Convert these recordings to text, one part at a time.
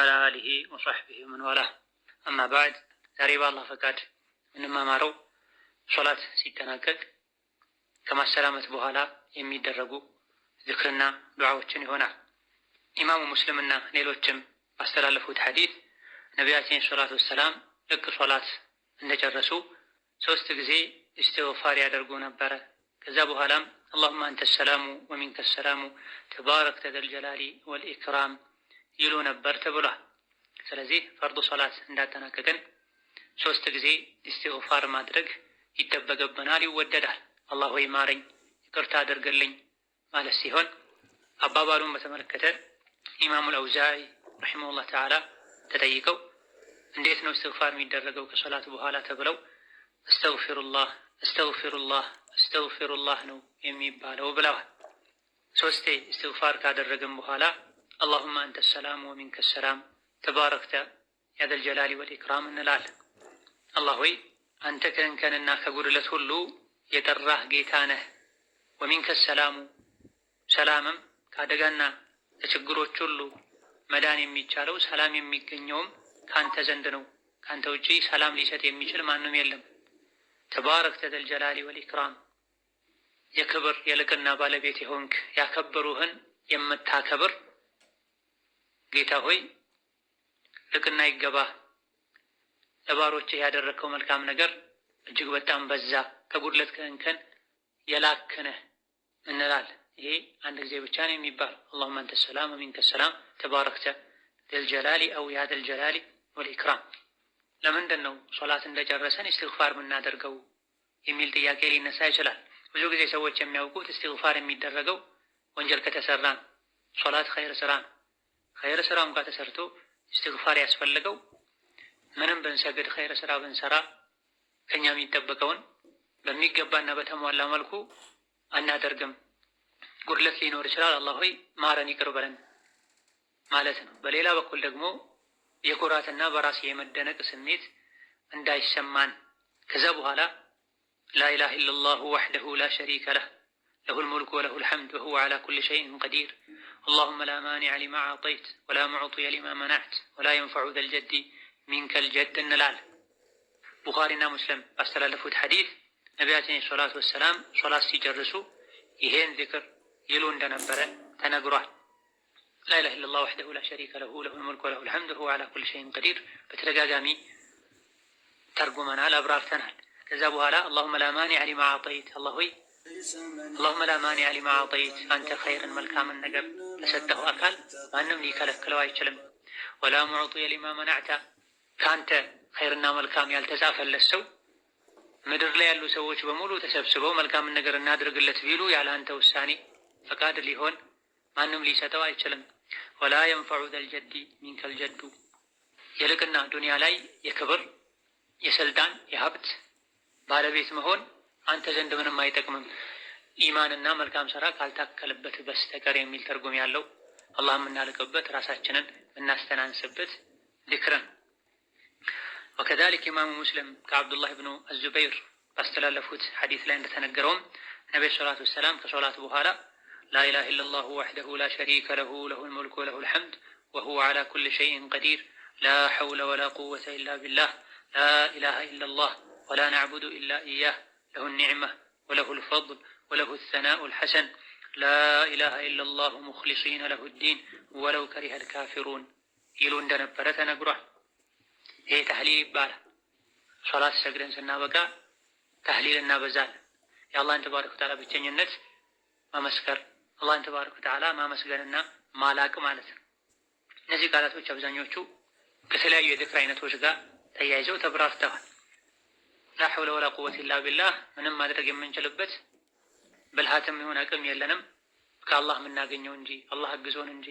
አላ አሊሂ ወሳሕቢሂ ምን ዋላ አማ ባዕድ። ዛሬ በአላህ ፈቃድ የምንማማረው ሶላት ሲጠናቀቅ ከማሰላመት በኋላ የሚደረጉ ዝክርና ዱዓዎችን ይሆናል። ኢማሙ ሙስሊምና ሌሎችም ባስተላለፉት ሐዲት ነቢያችን ሰላት ወሰላም ልክ ሶላት እንደጨረሱ ሶስት ጊዜ እስትግፋር ያደርጉ ነበረ። ከዛ በኋላም አላሁማ አንተ ሰላሙ ወሚንከ ሰላሙ ተባረክተ ዘልጀላሊ ወልኢክራም ይሉ ነበር ተብሏል። ስለዚህ ፈርዱ ሶላት እንዳጠናቀቅን ሶስት ጊዜ ኢስቲግፋር ማድረግ ይጠበቅብናል፣ ይወደዳል። አላህ ሆይ ማረኝ፣ ይቅርታ አድርግልኝ ማለት ሲሆን አባባሉን በተመለከተ ኢማሙ አልአውዛዒ ረሒመሁላህ ተዓላ ተጠይቀው እንዴት ነው እስትግፋር የሚደረገው ከሶላት በኋላ ተብለው አስተግፊሩላህ አስተግፊሩላህ አስተግፊሩላህ ነው የሚባለው ብለዋል። ሶስቴ እስትግፋር ካደረግን በኋላ አላሁማ አንተ ሰላም ወሚንከ ሰላም ተባረክተ ያዘል ጀላሊ ወል ኢክራም እንላለን። አላህ ሆይ አንተ ከእንከንና ከጉድለት ሁሉ የጠራህ ጌታ ነህ። ወሚንከ ሰላሙ ሰላምም ከአደጋና ከችግሮች ሁሉ መዳን የሚቻለው ሰላም የሚገኘውም ከአንተ ዘንድ ነው። ከአንተ ውጪ ሰላም ሊሰጥ የሚችል ማንም የለም። ተባረክተ ዘል ጀላሊ ወል ኢክራም የክብር የልቅና ባለቤት የሆንክ ያከበሩህን የምታከብር ጌታ ሆይ ልቅና ይገባ ለባሮችህ ያደረግከው መልካም ነገር እጅግ በጣም በዛ፣ ከጉድለት ከእንከን የላክነህ እንላል። ይሄ አንድ ጊዜ ብቻ ነው የሚባል። አላሁመ አንተ ሰላም ወሚንከ ሰላም ተባረክተ ዘልጀላሊ አው ያ ዘልጀላሊ ወልኢክራም። ለምንድን ነው ሶላት እንደጨረሰን እስትግፋር የምናደርገው የሚል ጥያቄ ሊነሳ ይችላል። ብዙ ጊዜ ሰዎች የሚያውቁት እስትግፋር የሚደረገው ወንጀል ከተሰራ ነው። ሶላት ኸይር ስራ ነው። ኸይር ስራም ጋር ተሰርቶ እስትግፋር ያስፈልገው ምንም ብንሰግድ ኸይር ስራ ብንሰራ ከኛ የሚጠበቀውን በሚገባና በተሟላ መልኩ አናደርግም። ጉድለት ሊኖር ይችላል። አላህ ሆይ ማረን፣ ይቅር በለን ማለት ነው። በሌላ በኩል ደግሞ የኩራትና በራስ የመደነቅ ስሜት እንዳይሰማን ከዛ በኋላ ላኢላሃ ኢለላሁ ወሕደሁ ላ ሸሪከ ለህ ለሁል ሙልኩ ወለሁል ሐምድ ወሁወ ዓላ ኩል ሸይን ቀዲር اللهم لا مانع لما أعطيت ولا معطي لما منعت ولا ينفع ذا الجد منك الجد النلال بخارينا مسلم أستلالفوت حديث نبياتين الصلاة والسلام صلاة سيجرسو يهين ذكر يلون دنبرا تنقران لا إله إلا الله وحده لا شريك له له الملك وله الحمد هو على كل شيء قدير فترقى قامي ترقمنا الأبرار تنال كذبوا لا اللهم لا مانع لما أعطيت الله وي اللهم لا مانع لما أعطيت أنت خير من الكامل النقب ለሰጠው አካል ማንም ሊከለክለው አይችልም። ወላ ሙዕጢየ ሊማ መናዕታ ከአንተ ኸይርና መልካም ያልተጻፈለት ሰው ምድር ላይ ያሉ ሰዎች በሙሉ ተሰብስበው መልካምን ነገር እናድርግለት ቢሉ ያለ አንተ ውሳኔ ፈቃድ ሊሆን ማንም ሊሰጠው አይችልም። ወላ የንፈዑ ዘልጀዲ ሚንከል ጀዱ ይልቅና ዱንያ ላይ የክብር የስልጣን የሀብት ባለቤት መሆን አንተ ዘንድ ምንም አይጠቅምም። ኢማንና መልካም ስራ ካልታከለበት በስተቀር የሚል ትርጉም ያለው አላህ የምናልቅበት ራሳችንን የምናስተናንስበት ዚክርን። ወከዛሊክ ኢማሙ ሙስሊም ከአብዱላህ ብኑ አዙበይር ባስተላለፉት ሐዲስ ላይ እንደተነገረውም ነቢ ሰላት ወሰላም ከሶላት በኋላ ላኢላህ ኢለላሁ ወሕደሁ ላ ሸሪከ ለሁ ለሁል ሙልኩ ወለሁል ሐምድ ወሁወ ዐላ ኩሊ ሸይእን ቀዲር ላ ሐውለ ወላ ቁወተ ኢላ ቢላህ ላ ኢላሃ ኢለላህ ወላ ነዕቡዱ ኢላ ኢያህ ለሁ ኒዕመህ ወለሁ ልፈضል ወለሁ ሰናኡል ሐሰን ላ ኢለላሁ ሙኽሊሲነ ለሁ ዲን ወለው ከሪሀል ካፊሩን ይሉ እንደነበረ ተነግሯል። ይህ ተህሊል ይባላል። ሶላት ሰግደን ስናበቃ ተህሊል እናበዛል የአላህን ተባረክ ወተዓላ ብቸኝነት መመስከር፣ አላህን ተባረክ ወተዓላ ማመስገንና ማላቅ ማለት ነው። እነዚህ ቃላቶች አብዛኞቹ ከተለያዩ የዝክር አይነቶች ጋር ተያይዘው ተብራርተዋል። ላ ሐውለ ወላ ቁወት ኢላ ቢላህ ምንም ማድረግ የምንችልበት ብልሃትም ይሁን አቅም የለንም ከአላህ የምናገኘው እንጂ አላህ አግዞን እንጂ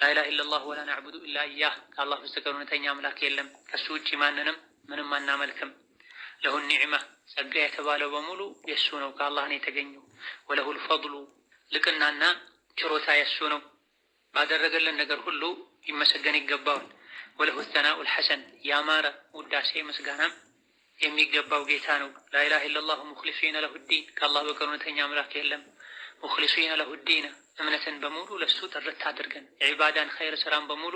ላኢላሃ ኢለላህ ወላ ናዕቡዱ ኢላ ኢያህ ከአላህ በስተቀር እውነተኛ አምላክ የለም። ከሱ ውጭ ማንንም ምንም አናመልክም። ለሁ ኒዕማ ጸጋ የተባለው በሙሉ የእሱ ነው፣ ከአላህ ነው የተገኘው። ወለሁል ፈድሉ ልቅናና ችሮታ የእሱ ነው። ባደረገልን ነገር ሁሉ ይመሰገን ይገባዋል። ወለሁ ተናኡል ሐሰን ያማረ ውዳሴ ምስጋናም የሚገባው ጌታ ነው። ላኢላሃ ኢለላሁ ሙክሊሲነ ለሁዲን ከአላህ በቀር እውነተኛ አምላክ የለም። ሙክሊሲነ ለሁዲን እምነትን በሙሉ ለሱ ጥርት አድርገን የዒባዳን ኸይር ስራን በሙሉ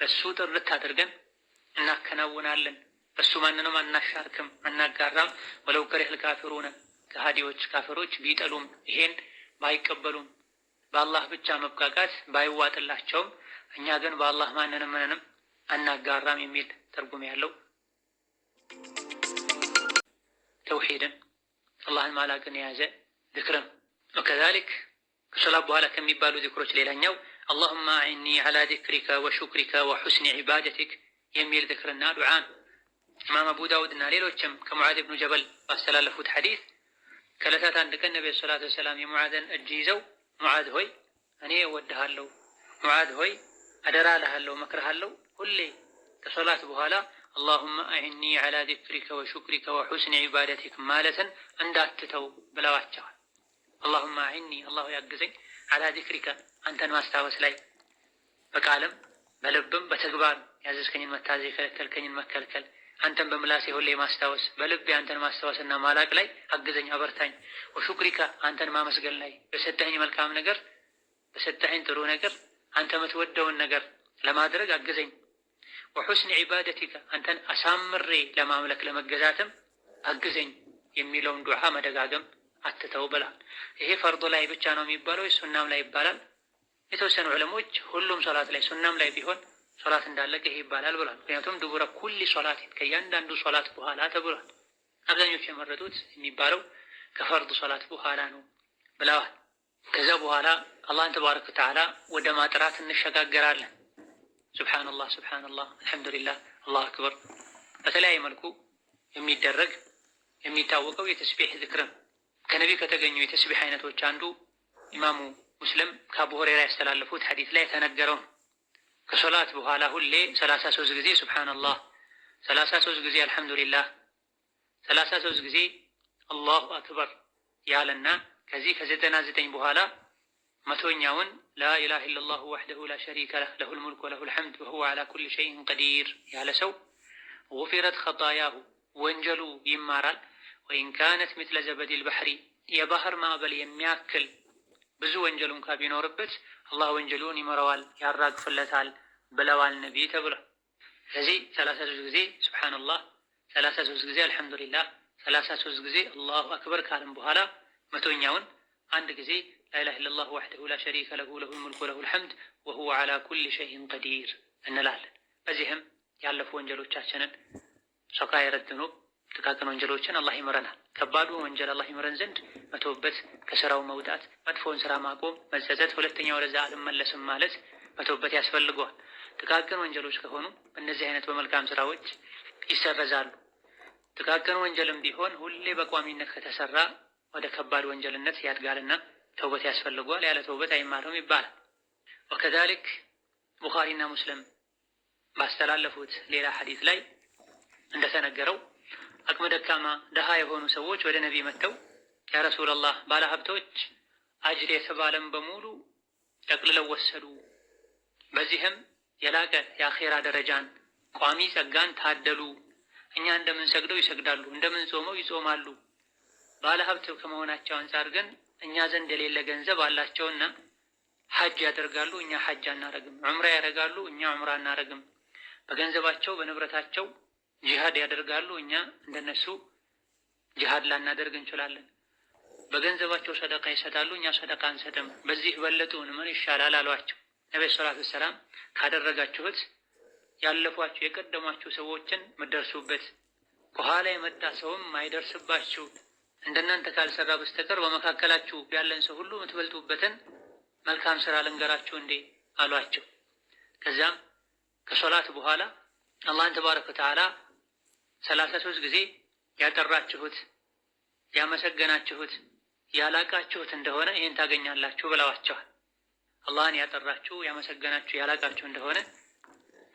ለሱ ጥርት አድርገን እናከናውናለን። እሱ ማንንም አናሻርክም አናጋራም። ወለው ከሪሀል ካፊሩነ ከሃዲዎች ካፊሮች ቢጠሉም ይሄን ባይቀበሉም በአላህ ብቻ መብቃቃት ባይዋጥላቸውም እኛ ግን በአላህ ማንንም ምንንም አናጋራም የሚል ትርጉም ያለው ተውሂድን አላህን ማላቅን የያዘ ዝክርም ወከዛሊክ ከሶላት በኋላ ከሚባሉ ዝክሮች ሌላኛው አላሁማ አዕኒ ዐላ ዚክሪከ ወሹክሪከ ወሑስኒ ዒባደቲክ የሚል ዝክርና ዱዓን ኢማም አቡ ዳውድና ሌሎችም ከሙዓዝ ብኑ ጀበል ባስተላለፉት ሐዲስ ከዕለታት አንድ ቀን ነቢ ሰላቱ ወሰላም የሙዓዝን እጅ ይዘው ሙዓዝ ሆይ እኔ እወድሃለሁ፣ ሙዓዝ ሆይ አደራ ልሃለሁ፣ መክርሃለሁ ሁሌ ከሶላት በኋላ አላሁመ አዕኒ ዐላ ዚክሪከ ወሹክሪከ ወሑስኒ ዒባደቲክ ማለትን እንዳትተው ብለዋቸዋል። አላሁመ አዕኒ አላሁ ያግዘኝ፣ ዐላ ዚክሪከ አንተን ማስታወስ ላይ በቃልም በልብም በተግባር ያዘዝከኝን መታዘዝ የከለከልከኝን መከልከል አንተን በምላሴ ሁሌ ማስታወስ በልብ አንተን ማስታወስና ማላቅ ላይ አግዘኝ፣ አበርታኝ። ወሹክሪካ አንተን ማመስገን ላይ በሰጠኸኝ መልካም ነገር በሰጠኸኝ ጥሩ ነገር አንተ የምትወደውን ነገር ለማድረግ አግዘኝ። ወሑስን ዒባደቲከ አንተን አሳምሬ ለማምለክ ለመገዛትም አግዘኝ የሚለውን ዱዓ መደጋገም አትተው ብላል። ይሄ ፈርዶ ላይ ብቻ ነው የሚባለው ሱናም ላይ ይባላል። የተወሰኑ ዕለሞች ሁሉም ሶላት ላይ ሱናም ላይ ቢሆን ሶላት እንዳለቀ ይሄ ይባላል ብሏል። ምክንያቱም ድቡረ ኩሊ ሶላት ከእያንዳንዱ ሶላት በኋላ ተብሏል። አብዛኞቹ የመረጡት የሚባለው ከፈርዱ ሶላት በኋላ ነው ብለዋል። ከዛ በኋላ አላህን ተባረከ ወተዓላ ወደ ማጥራት እንሸጋገራለን። ሱብሓነላህ ሱብሓነላህ፣ አልሐምዱሊላህ፣ አላሁ አክበር በተለያየ መልኩ የሚደረግ የሚታወቀው የተስቢሕ ዝክር ነው። ከነቢ ከተገኙ የተስቢሕ አይነቶች አንዱ ኢማሙ ሙስሊም ከአቡ ሁሬራ ያስተላለፉት ሐዲት ላይ የተነገረው ከሶላት በኋላ ሁሌ ሰላሳ ሶስት ጊዜ ሱብሓነላህ፣ ሰላሳ ሶስት ጊዜ አልሐምዱሊላህ፣ ሰላሳ ሶስት ጊዜ አላሁ አክበር ያለና ከዚህ ከዘጠና ዘጠኝ በኋላ መቶኛውን ላኢላህ ኢለላሁ ወሕደሁ ላ ለህ ለሁል ሙልክ ወለሁል ሐምድ ወሁወ ዓላ ኩል ሸይን ቀዲር ያለ ሰው ጉፊረት ኸጣያሁ ወንጀሉ ይማራል። ወኢን ካነት ምትለ ዘበዲል ባሕሪ የባህር ማዕበል የሚያክል ብዙ ወንጀል እንኳ ቢኖርበት አላህ ወንጀሉን ይመረዋል፣ ያራግፍለታል ብለዋል ነቢይ ተብሏል። ስለዚህ ሰላሳ ሶስት ጊዜ ሱብሓነላህ፣ ሰላሳ ሶስት ጊዜ አልሐምዱሊላህ፣ ሰላሳ ሶስት ጊዜ አላሁ አክበር ካለም በኋላ መቶኛውን አንድ ጊዜ ላኢላሃ ኢለላህ ወሕደሁ ላ ሸሪከ ለሁ ለሁል ሙልክ ወለሁል ሐምድ ወሁወ ዓላ ኩሊ ሸይን ቀዲር እንላለን። በዚህም ያለፉ ወንጀሎቻችንን ሰቃየረ ዙኑብ ጥቃቅን ወንጀሎችን አላህ ይምረናል። ከባዱ ወንጀል አላህ ይምረን ዘንድ መቶበት፣ ከስራው መውጣት፣ መጥፎውን ስራ ማቆም፣ መጸጸት፣ ሁለተኛ ወደዛ አልመለስም ማለት መቶበት ያስፈልገዋል። ጥቃቅን ወንጀሎች ከሆኑ እነዚህ አይነት በመልካም ስራዎች ይሰረዛሉ። ጥቃቅን ወንጀልም ቢሆን ሁሌ በቋሚነት ከተሰራ ወደ ከባድ ወንጀልነት ያድጋልና ተውበት ያስፈልገዋል። ያለ ተውበት አይማርም ይባላል። ወከዛሊክ ቡኻሪና ሙስሊም ባስተላለፉት ሌላ ሐዲስ ላይ እንደተነገረው አቅመ ደካማ ድሃ የሆኑ ሰዎች ወደ ነቢይ መጥተው ያ ረሱለላህ ባለ ሀብቶች አጅር የተባለም በሙሉ ጠቅልለው ወሰዱ፣ በዚህም የላቀ የአኼራ ደረጃን ቋሚ ጸጋን ታደሉ። እኛ እንደምንሰግደው ይሰግዳሉ፣ እንደምንጾመው ይጾማሉ። ባለ ሀብት ከመሆናቸው አንጻር ግን እኛ ዘንድ የሌለ ገንዘብ አላቸውና ሐጅ ያደርጋሉ፣ እኛ ሐጅ አናረግም። ዑምራ ያደርጋሉ፣ እኛ ዑምራ አናረግም። በገንዘባቸው በንብረታቸው ጂሃድ ያደርጋሉ፣ እኛ እንደነሱ ጂሃድ ላናደርግ እንችላለን። በገንዘባቸው ሰደቃ ይሰጣሉ፣ እኛ ሰደቃ አንሰጥም። በዚህ በለጡን ምን ይሻላል አሏቸው። ነቢ ሰላት ሰላም ካደረጋችሁት ያለፏችሁ የቀደሟችሁ ሰዎችን ምደርሱበት ከኋላ የመጣ ሰውም አይደርስባችሁ እንደናንተ ካልሰራ በስተቀር በመካከላችሁ ያለን ሰው ሁሉ የምትበልጡበትን መልካም ስራ ልንገራችሁ እንዴ አሏቸው። ከዚያም ከሶላት በኋላ አላህን ተባረከ ወተዓላ ሰላሳ ሶስት ጊዜ ያጠራችሁት ያመሰገናችሁት ያላቃችሁት እንደሆነ ይህን ታገኛላችሁ ብለዋቸዋል። አላህን ያጠራችሁ ያመሰገናችሁ ያላቃችሁ እንደሆነ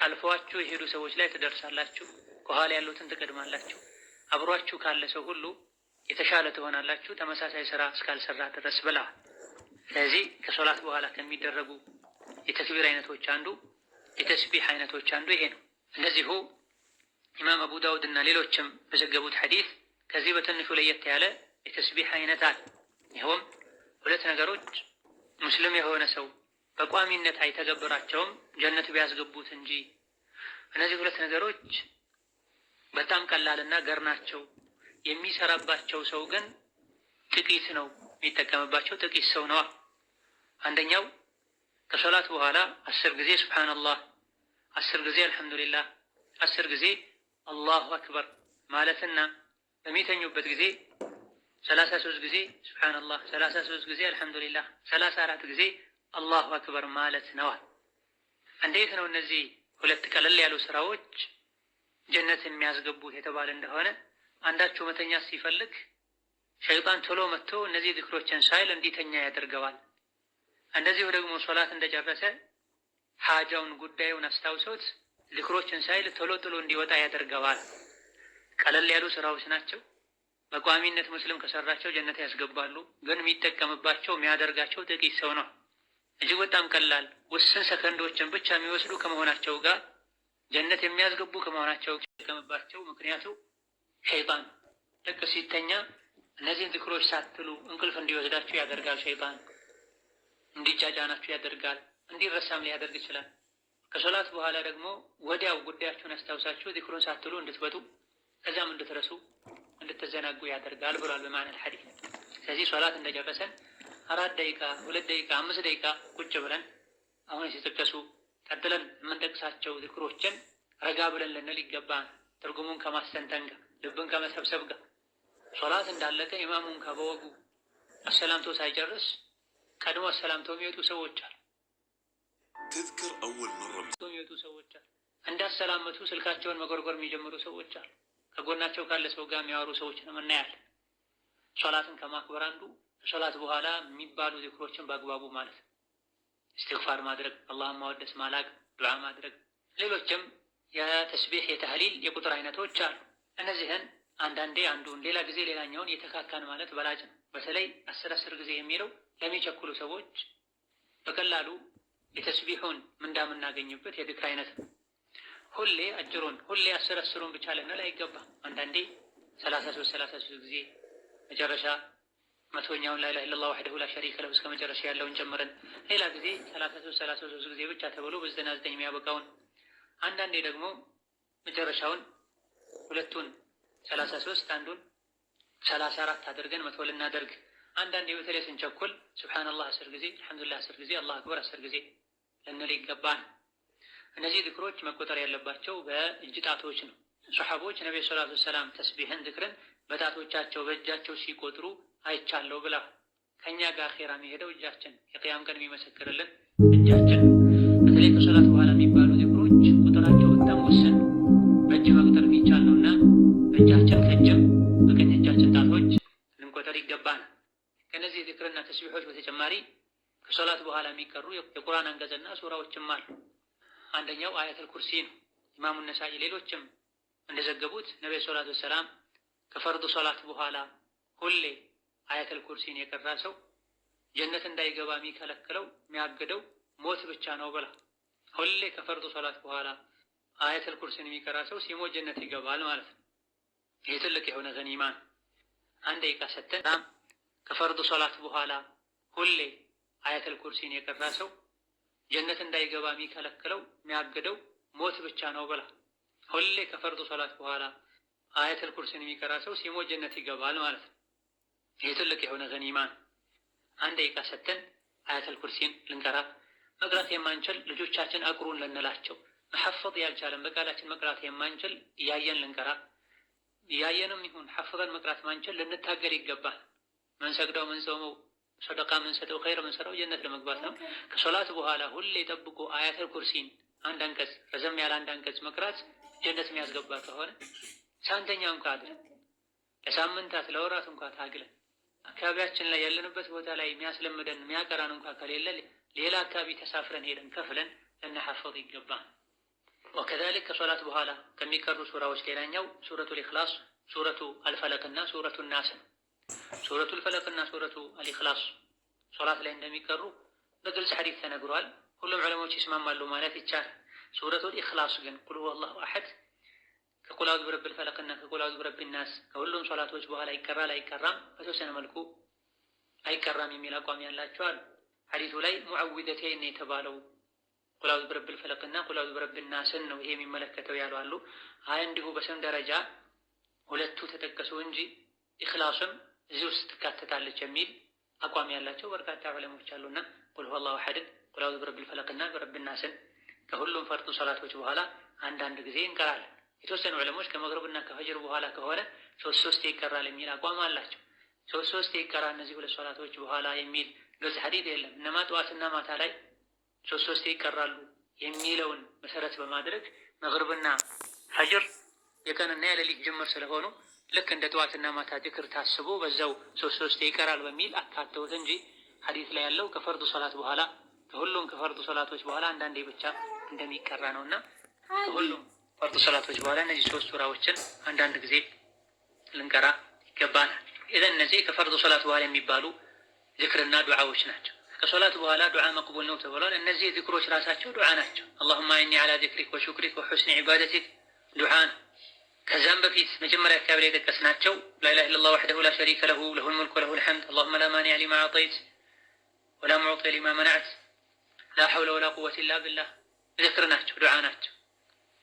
አልፈዋችሁ የሄዱ ሰዎች ላይ ትደርሳላችሁ፣ ከኋላ ያሉትን ትቀድማላችሁ። አብሯችሁ ካለ ሰው ሁሉ የተሻለ ትሆናላችሁ ተመሳሳይ ስራ እስካልሰራ ድረስ ብለዋል። ስለዚህ ከሶላት በኋላ ከሚደረጉ የተክቢር አይነቶች አንዱ የተስቢሕ አይነቶች አንዱ ይሄ ነው። እንደዚሁ ኢማም አቡ ዳውድ እና ሌሎችም በዘገቡት ሐዲስ ከዚህ በትንሹ ለየት ያለ የተስቢሕ አይነት አለ። ይኸውም ሁለት ነገሮች ሙስልም የሆነ ሰው በቋሚነት አይተገብራቸውም ጀነት ቢያስገቡት እንጂ። እነዚህ ሁለት ነገሮች በጣም ቀላልና ገር ናቸው። የሚሰራባቸው ሰው ግን ጥቂት ነው የሚጠቀምባቸው ጥቂት ሰው ነዋ። አንደኛው ከሶላት በኋላ አስር ጊዜ ሱብሓነላህ፣ አስር ጊዜ አልሐምዱሊላህ፣ አስር ጊዜ አላሁ አክበር ማለትና በሚተኙበት ጊዜ ሰላሳ ሶስት ጊዜ ሱብሓነላህ፣ ሰላሳ ሶስት ጊዜ አልሐምዱሊላህ፣ ሰላሳ አራት ጊዜ አላሁ አክበር ማለት ነዋል። እንዴት ነው እነዚህ ሁለት ቀለል ያሉ ስራዎች ጀነት የሚያስገቡት የተባለ እንደሆነ አንዳችሁ መተኛ ሲፈልግ ሸይጣን ቶሎ መጥቶ እነዚህ ዝክሮችን ሳይል እንዲተኛ ያደርገዋል። እንደዚሁ ደግሞ ሶላት እንደጨረሰ ሀጃውን ጉዳዩን አስታውሶት ዝክሮችን ሳይል ቶሎ ጥሎ እንዲወጣ ያደርገዋል። ቀለል ያሉ ስራዎች ናቸው። በቋሚነት ሙስሊም ከሰራቸው ጀነት ያስገባሉ። ግን የሚጠቀምባቸው የሚያደርጋቸው ጥቂት ሰው ነው። እጅግ በጣም ቀላል ውስን ሰከንዶችን ብቻ የሚወስዱ ከመሆናቸው ጋር ጀነት የሚያስገቡ ከመሆናቸው ይጠቀምባቸው ምክንያቱ ሸይጣን ልክ ሲተኛ እነዚህን ዝክሮች ሳትሉ እንቅልፍ እንዲወስዳችሁ ያደርጋል። ሸይጣን እንዲጫጫናችሁ ያደርጋል። እንዲረሳም ሊያደርግ ይችላል። ከሶላት በኋላ ደግሞ ወዲያው ጉዳያችሁን አስታውሳችሁ ዚክሩን ሳትሉ እንድትበጡ ከዚያም እንድትረሱ እንድትዘናጉ ያደርጋል ብሏል በማን ሐዲስ። ስለዚህ ሶላት እንደጨረሰን አራት ደቂቃ፣ ሁለት ደቂቃ፣ አምስት ደቂቃ ቁጭ ብለን አሁን ሲጠቀሱ ቀጥለን የምንጠቅሳቸው ዚክሮችን ረጋ ብለን ልንል ይገባል። ትርጉሙን ከማስተንተን ጋር ልብን ከመሰብሰብ ጋር ሶላት እንዳለቀ ኢማሙን ከበወጉ አሰላምቶ ሳይጨርስ ቀድሞ አሰላምቶ የሚወጡ ሰዎች አሉ። ትዝክር አወል የሚወጡ ሰዎች አሉ። እንዳሰላመቱ ስልካቸውን መጎርጎር የሚጀምሩ ሰዎች አሉ። ከጎናቸው ካለ ሰው ጋር የሚያወሩ ሰዎችንም እናያለን። ሶላትን ከማክበር አንዱ ከሶላት በኋላ የሚባሉ ዚክሮችን በአግባቡ ማለት ነው። እስትግፋር ማድረግ፣ አላህን ማወደስ፣ ማላቅ፣ ዱዓ ማድረግ ሌሎችም የተስቢህ የተህሊል የቁጥር አይነቶች አሉ። እነዚህን አንዳንዴ አንዱን ሌላ ጊዜ ሌላኛውን የተካካን ማለት በላጭ ነው። በተለይ አስር አስር ጊዜ የሚለው ለሚቸኩሉ ሰዎች በቀላሉ የተስቢሑን ምንዳ የምናገኝበት የድክር አይነት ነው። ሁሌ አጅሩን ሁሌ አስር አስሩን ብቻ ልንል አይገባም። አንዳንዴ ሰላሳ ሶስት ሰላሳ ሶስት ጊዜ መጨረሻ መቶኛውን ላኢላሀ ኢለላህ ወህደሁ ላ ሸሪከ ለሁ እስከ መጨረሻ ያለውን ጨምረን ሌላ ጊዜ ሰላሳ ሶስት ሰላሳ ሶስት ጊዜ ብቻ ተብሎ በዘጠና ዘጠኝ የሚያበቃውን አንዳንዴ ደግሞ መጨረሻውን ሁለቱን ሰላሳ ሶስት አንዱን ሰላሳ አራት አድርገን መቶ ልናደርግ አንዳንዴ በተለይ ስንቸኩል ሱብሓነላህ አስር ጊዜ አልሐምዱሊላህ አስር ጊዜ አላሁ አክበር አስር ጊዜ ልንል ይገባል። እነዚህ ዝክሮች መቆጠር ያለባቸው በእጅ ጣቶች ነው። ሰሓቦች ነቢ ሰላቱ ሰላም ተስቢህን ዝክርን በጣቶቻቸው በእጃቸው ሲቆጥሩ አይቻለሁ ብላ ከእኛ ጋር ኼራ የሚሄደው እጃችን የቅያም ቀን የሚመሰክርልን እጃችን በተለይ ከሰላት ከእነዚህ ዚክርና ተስቢሖች በተጨማሪ ከሶላት በኋላ የሚቀሩ የቁርአን አንቀጽና ሱራዎችም አሉ። አንደኛው አያተል ኩርሲ ነው። ኢማሙ ነሳኢ ሌሎችም እንደዘገቡት ነቢዩ ሶላት ወሰላም ከፈርዱ ሶላት በኋላ ሁሌ አያተል ኩርሲን የቀራ ሰው ጀነት እንዳይገባ የሚከለክለው የሚያግደው ሞት ብቻ ነው ብላ ሁሌ ከፈርዱ ሶላት በኋላ አያተል ኩርሲን የሚቀራ ሰው ሲሞት ጀነት ይገባል ማለት ነው። ይህ ትልቅ የሆነ ገኒማ ነው። አንድ ደቂቃ ሰተን ከፈርድ ሶላት በኋላ ሁሌ አያተል ኩርሲን የቀራ ሰው ጀነት እንዳይገባ የሚከለክለው የሚያግደው ሞት ብቻ ነው ብላ ሁሌ ከፈርድ ሶላት በኋላ አያተል ኩርሲን የሚቀራ ሰው ሲሞት ጀነት ይገባል ማለት ነው። ይህ ትልቅ የሆነ ገኒማ ነው። አንድ ደቂቃ ሰተን አያተል ኩርሲን ልንቀራ መቅራት የማንችል ልጆቻችን አቅሩን ልንላቸው መሐፈጥ ያልቻለን በቃላችን መቅራት የማንችል እያየን ልንቀራ እያየንም ይሁን ሐፍዘን መቅራት ማንችል ልንታገል ይገባል። ምንሰግደው፣ ምንጾመው፣ ሰደቃ ምንሰጠው፣ ኸይር ምንሰራው ጀነት ለመግባት ነው። ከሶላት በኋላ ሁሌ ጠብቆ አያተል ኩርሲን አንድ አንቀጽ ረዘም ያለ አንድ አንቀጽ መቅራት ጀነት የሚያስገባ ከሆነ ሳንተኛ እንኳ አድረን ለሳምንታት ለወራት እንኳ ታግለን አካባቢያችን ላይ ያለንበት ቦታ ላይ የሚያስለምደን የሚያቀራን እንኳ ከሌለ ሌላ አካባቢ ተሳፍረን ሄደን ከፍለን ልናሐፈዝ ይገባ። ወከዛሊክ ከሶላት በኋላ ከሚቀሩ ሱራዎች ሌላኛው ሱረቱ ልኢኽላስ፣ ሱረቱ አልፈለቅና ሱረቱ ናስ ነው። ሱረቱል ፈለቅ እና ሱረቱ አልኢኽላስ ሶላት ላይ እንደሚቀሩ በግልጽ ሐዲስ ተነግሯል። ሁሉም ዑለሞች ይስማማሉ ማለት ይቻላል። ሱረቱል ኢኽላስ ግን ቁል ሁወላሁ አሐድ ከቁል አዑዙ ቢረብል ፈለቅና ከቁል አዑዙ ቢረቢን ናስ ከሁሉም ሶላቶች በኋላ ይቀራል አይቀራም፣ በተወሰነ መልኩ አይቀራም የሚል አቋም ያላቸው አሉ። ሐዲቱ ላይ ሙዐዊዘተይን የተባለው ቁል አዑዙ ቢረብል ፈለቅና ቁል አዑዙ ቢረቢን ናስን ነው ይሄ የሚመለከተው ያሉ አሉ። አይ እንዲሁ በስም ደረጃ ሁለቱ ተጠቀሱ እንጂ ኢኽላስም እዚህ ውስጥ ትካተታለች የሚል አቋም ያላቸው በርካታ ዑለሞች አሉና ቁል ሁወላሁ አሐድን ቁል አዑዙ ቢረቢል ፈለቅና ቢረቢናስን ከሁሉም ፈርጡ ሰላቶች በኋላ አንዳንድ ጊዜ እንቀራለን። የተወሰኑ ዑለሞች ከመግረብና ከፈጅር በኋላ ከሆነ ሶስት ሶስት ይቀራል የሚል አቋም አላቸው። ሶስት ሶስት ይቀራ እነዚህ ሁለት ሶላቶች በኋላ የሚል ግልጽ ሐዲት የለም። እነማ ጠዋትና ማታ ላይ ሶስት ሶስት ይቀራሉ የሚለውን መሰረት በማድረግ መግሪብና ፈጅር የቀንና የሌሊት ጅምር ስለሆኑ ልክ እንደ ጠዋትና ማታ ዚክር ታስቦ በዛው ሶስት ሶስት ይቀራል በሚል አካተውት እንጂ ሀዲት ላይ ያለው ከፈርዱ ሶላት በኋላ ከሁሉም ከፈርዱ ሶላቶች በኋላ አንዳንዴ ብቻ እንደሚቀራ ነው እና ከሁሉም ፈርዱ ሶላቶች በኋላ እነዚህ ሶስት ሱራዎችን አንዳንድ ጊዜ ልንቀራ ይገባናል። ኢዘን እነዚህ ከፈርዱ ሶላት በኋላ የሚባሉ ዚክርና ዱዓዎች ናቸው። ከሶላት በኋላ ዱዓ መቅቡል ነው ተብሏል። እነዚህ ዚክሮች ራሳቸው ዱዓ ናቸው። አላሁማ ኢኒ ዓላ ዚክሪክ ወሹክሪክ ወሑስኒ ዒባደቲክ ዱዓ ነው። ከዛም በፊት መጀመሪያ አካባቢ ላይ የጠቀስናቸው ላኢላሀ ኢለላህ ወሕደሁ ላ ሸሪከ ለሁ ለሁል ሙልክ ወለሁል ሐምድ አላሁመ ላ ማኒዐ ሊማ አዕጠይት ወላ ሙዕጢ ሊማ መነዐት ላ ሐውለ ወላ ቁወተ ኢላ ቢላህ ዝክር ናቸው፣ ዱዓ ናቸው።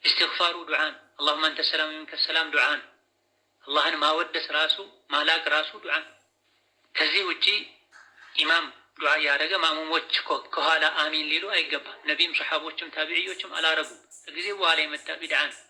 እስትግፋሩ ዱዓ ነው። አላሁመ አንተ ሰላም ወሚንከ ሰላም ዱዓ ነው። አላህን ማወደስ ራሱ ማላቅ ራሱ ዱዓ ነው። ከዚህ ውጪ ኢማም ዱዓ እያደረገ ማሙሞች ከኋላ አሚን ሊሉ አይገባም። ነቢም ሰሓቦችም ታቢዕዮችም አላረጉም። ከጊዜ በኋላ የመጣ ቢድዓ ነው።